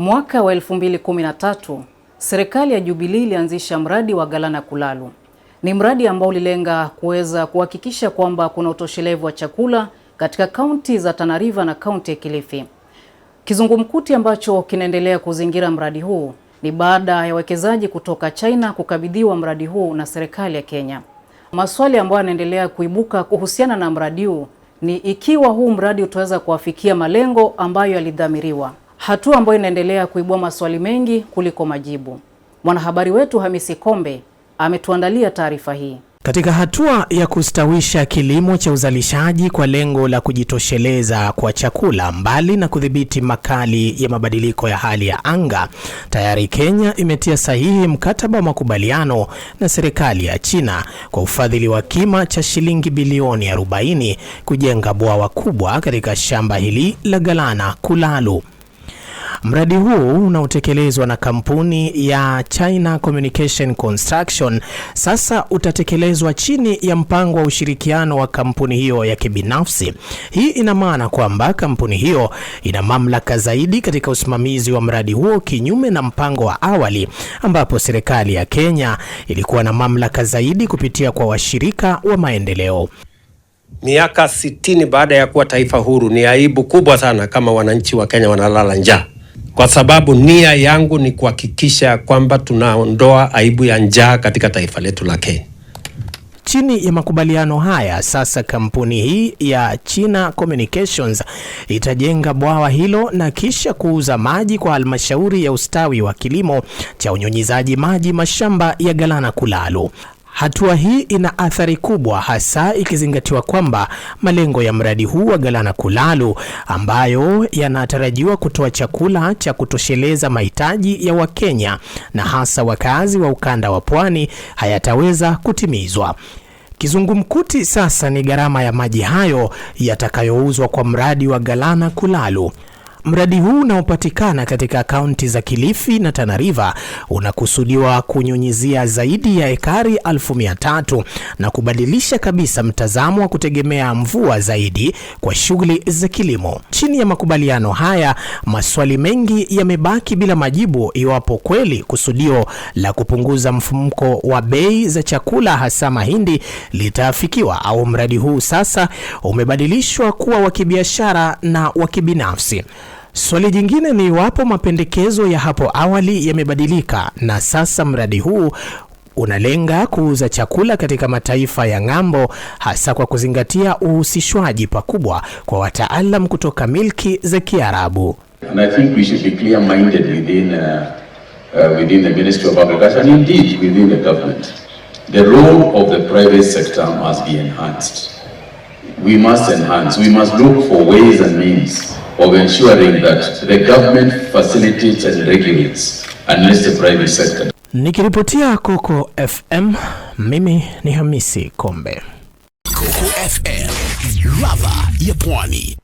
Mwaka wa 2013 serikali ya Jubilee ilianzisha mradi wa Galana Kulalu. Ni mradi ambao ulilenga kuweza kuhakikisha kwamba kuna utoshelevu wa chakula katika kaunti za Tana River na kaunti ya Kilifi. Kizungumkuti ambacho kinaendelea kuzingira mradi huu ni baada ya wawekezaji kutoka China kukabidhiwa mradi huu na serikali ya Kenya. Maswali ambayo yanaendelea kuibuka kuhusiana na mradi huu ni ikiwa huu mradi utaweza kuwafikia malengo ambayo yalidhamiriwa hatua ambayo inaendelea kuibua maswali mengi kuliko majibu. Mwanahabari wetu Hamisi Kombe ametuandalia taarifa hii. Katika hatua ya kustawisha kilimo cha uzalishaji kwa lengo la kujitosheleza kwa chakula mbali na kudhibiti makali ya mabadiliko ya hali ya anga, tayari Kenya imetia sahihi mkataba wa makubaliano na serikali ya China kwa ufadhili wa kima cha shilingi bilioni 40 kujenga bwawa kubwa katika shamba hili la Galana Kulalu. Mradi huu unaotekelezwa na kampuni ya China Communication Construction sasa utatekelezwa chini ya mpango wa ushirikiano wa kampuni hiyo ya kibinafsi. Hii ina maana kwamba kampuni hiyo ina mamlaka zaidi katika usimamizi wa mradi huo, kinyume na mpango wa awali ambapo serikali ya Kenya ilikuwa na mamlaka zaidi kupitia kwa washirika wa maendeleo. Miaka sitini baada ya kuwa taifa huru, ni aibu kubwa sana kama wananchi wa Kenya wanalala njaa kwa sababu nia yangu ni kuhakikisha kwamba tunaondoa aibu ya njaa katika taifa letu la Kenya. Chini ya makubaliano haya sasa, kampuni hii ya China Communications itajenga bwawa hilo na kisha kuuza maji kwa halmashauri ya ustawi wa kilimo cha unyunyizaji maji mashamba ya Galana Kulalo. Hatua hii ina athari kubwa, hasa ikizingatiwa kwamba malengo ya mradi huu wa Galana Kulalu ambayo yanatarajiwa kutoa chakula cha kutosheleza mahitaji ya Wakenya na hasa wakazi wa ukanda wa pwani hayataweza kutimizwa. Kizungumkuti sasa ni gharama ya maji hayo yatakayouzwa kwa mradi wa Galana Kulalu Mradi huu unaopatikana katika kaunti za Kilifi na Tana River unakusudiwa kunyunyizia zaidi ya ekari elfu mia tatu na kubadilisha kabisa mtazamo wa kutegemea mvua zaidi kwa shughuli za kilimo. Chini ya makubaliano haya, maswali mengi yamebaki bila majibu iwapo kweli kusudio la kupunguza mfumko wa bei za chakula hasa mahindi litaafikiwa au mradi huu sasa umebadilishwa kuwa wa kibiashara na wa kibinafsi. Swali jingine ni iwapo mapendekezo ya hapo awali yamebadilika na sasa mradi huu unalenga kuuza chakula katika mataifa ya ng'ambo, hasa kwa kuzingatia uhusishwaji pakubwa kwa wataalam kutoka milki za Kiarabu. We must enhance. We must look for ways and means of ensuring that the government facilitates and regulates lets the private sector. Nikiripotia Coco FM, mimi ni Hamisi Kombe. Coco FM, ladha ya Pwani.